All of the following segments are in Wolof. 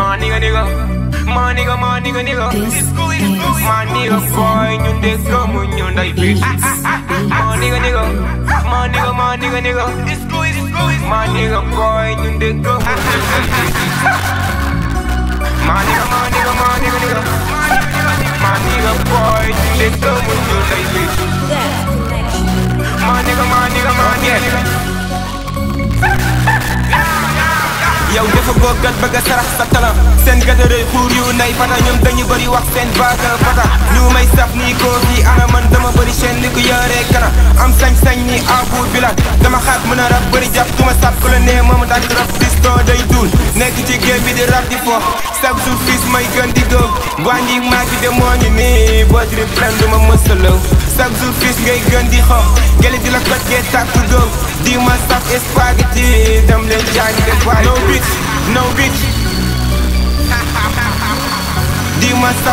ma nigga nigga ma nigga ma nigga nigga ma nigga boy ñun de gëmuñu nday bi ma nigga nigga ma nigga ma nigga nigga ma nigga boy ñun de gëmuñu nday bi ma nigga ma nigga ma nigga nigga ma nigga boy yow dafa boogat a sarax sa talam seen gadërëy xuur yu nay fata ñoom dañu bëri wax seen baaka fata ñu may saf a rab bëri jàpp duma day duul nekk ci géej bi di rab di foof chaque jour fils may gën di góob wàññi maa ngi demoo ñu nii boo di plein du ma mësalaw chaque jour fils ngay gën di xoof gële di la kot gee tàkk góob di ma saf espace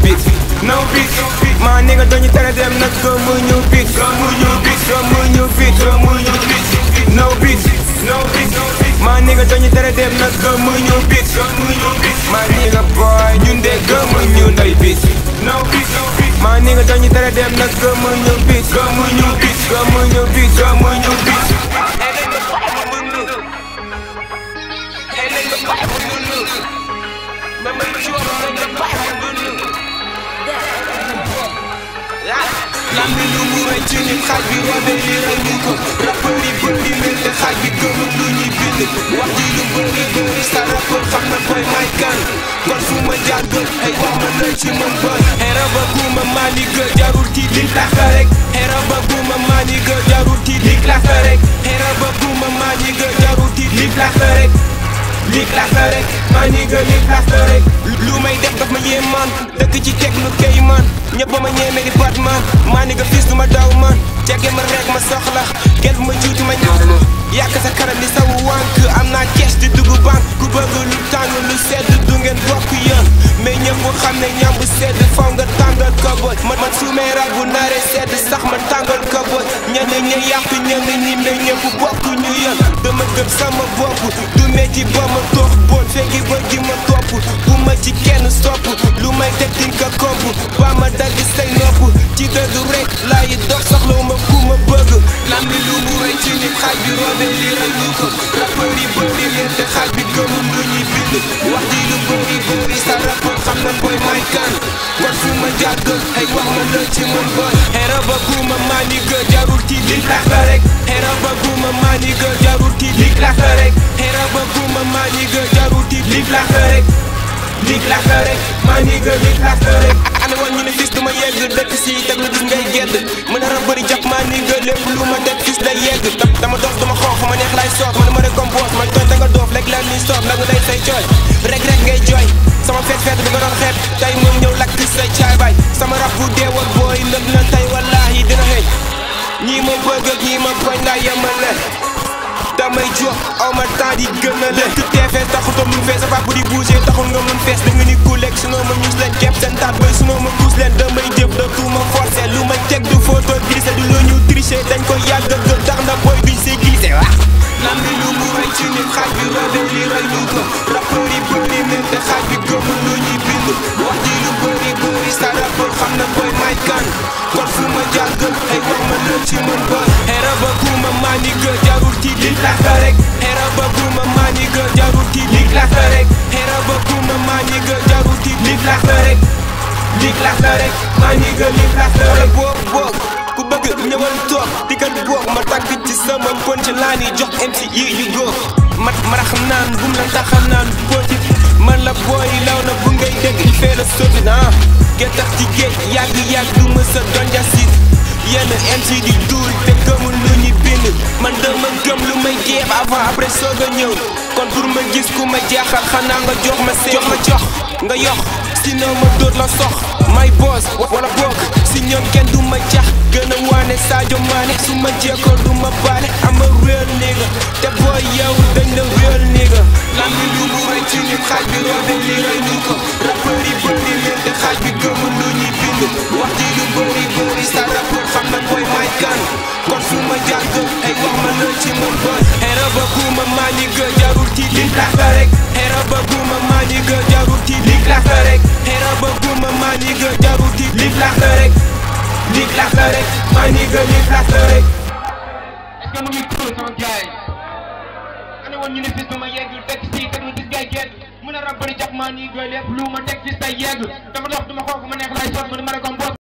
this bitch. No bitch. My nigga, don't you tell them not to go move your bitch. Go move your bitch. Go move your bitch. Go move your bitch. No bitch. No bitch. No bitch. My nigga, don't you tell them not to go move your bitch. Go move your bitch. My nigga, boy, you they go move your day bitch. No bitch. No bitch. My nigga, don't you tell them not to go move your bitch. Go move your bitch. Go move your bitch. Go move your bitch. Hey, nigga, fight with you. Remember you on the fight with lam lu mu rëcc nit xaaj bi wadee li rey ñu ko rappeur yi bët yi xaaj bi gëmul lu ñuy bind wax ji lu bëri bëri sa rappeur xam na koy may kan kon fu ma jaar bët ay wax ma nañ ci mën bër xera ba guuma maa gë jarul tiit li lax la rek xera ba guuma gë jarul tiit li lax la rek lax la rek gë li lax la lu may def daf ma yéemaan ci teg sunu kay man ñëpp ma ñeeme di pat man maa ni nga fis du ma daw man jege ma rek ma soxla gel ma juuti ma ñaama yàq sa kanam di sawu wànk am naa cash di dugg banque ku bëgg lu tàng lu sedd du ngeen bokk yoon mais ñëpp xam ne ñam bu sedd faw nga tàngal ko boy man man su may bu naree sedd sax ma tàngal ñeneen ña yàq ñeneen ñi mais ñëpp bokk ñu yën dama gëm sama bopp du metti ba ma toog bool fekki ba gi ma topp bu ma ci kenn sopp lu may teg kopp ba ma dagg say nopp ci dëgg rek laay dox soxlaw ma ku ma bëgg lam lu mu rëy nit xaaj bi robe li rëy lu ko rappari bëri leen te xaaj bi gëmul lu ñuy bind wax di lu bëri bëri sa rapport xam na koy may ka ma jàggal ay wax ma lëj ci mun bon xera ba guuma maa ni gën jarul ci li tax la rek xera ba guuma maa ni gën jarul ci li tax la rek xera ba guuma maa ni gën jarul ci li tax la rek li tax la rek maa ni gën li tax la rek ana woon ñu ne fis duma yegg dëkk si teg lu gis ngay gedd mën a bëri jàpp maa ni gën lépp lu ma def fis day yegg dama dox dama xoox ma neex laay soot man ma récompense ma tooñ da nga doof lekk lan ni soot may jox aw ma temps di gën a lekk teefee a mun fees sa bu di bougé taxul nga mun fees da ni kuleeg sunoo ma ñus leen seen taat bay sunoo ma puus damay jëf da tout ma lu ma teg du photo glissé du loo ñu dañ ko yàgg gëm tax na booy duñ si glissé wax lam lu mu rëy nit xaaj bi lii classe la rek maa ngi gën lii classe la rek boobu boobu ku bëgg ñëwal toog digal boobu ma tàkk ci sama ponc laa ni jox MC yi yu góor mat marax naan bum la taxam naan pooti man la booy law na bu ngay dégg il fait le sotti naa ci géej yàgg yàgg du ma sa yenn MC di duul te gëmul lu ñu bind man dama gëm lu may jéem avant après soog a ñëw kon pour ma gis ku ma jaaxal xanaa nga jox ma seen jox ma jox nga yox sinon ma dóor la sox may boss wala bokk si ñoom kenn du ma jax gën a waane Sadio Mané su ma jekkoo du ma baane am a real nigga te boo yow dañ la real nigga lam bi lu mu rëcc ñu xaaj bi roo li ray ñu ko rappeur yi bëri leen te xaaj bi gëmu lu ñuy bind wax ji lu bëri bëri sa rappeur xam na booy may kan kon fu ma jaar ay wax ma lël ci mon boy mu ngi tuur sama gaay ana woon ñu ne fis bu ma yeggul teg si teg lu gis gaay génn mun a rabbali jàpp maa nii doy lépp lu ma teg fis tay yegg dama dox duma xooku ma neex laay soot ma di ma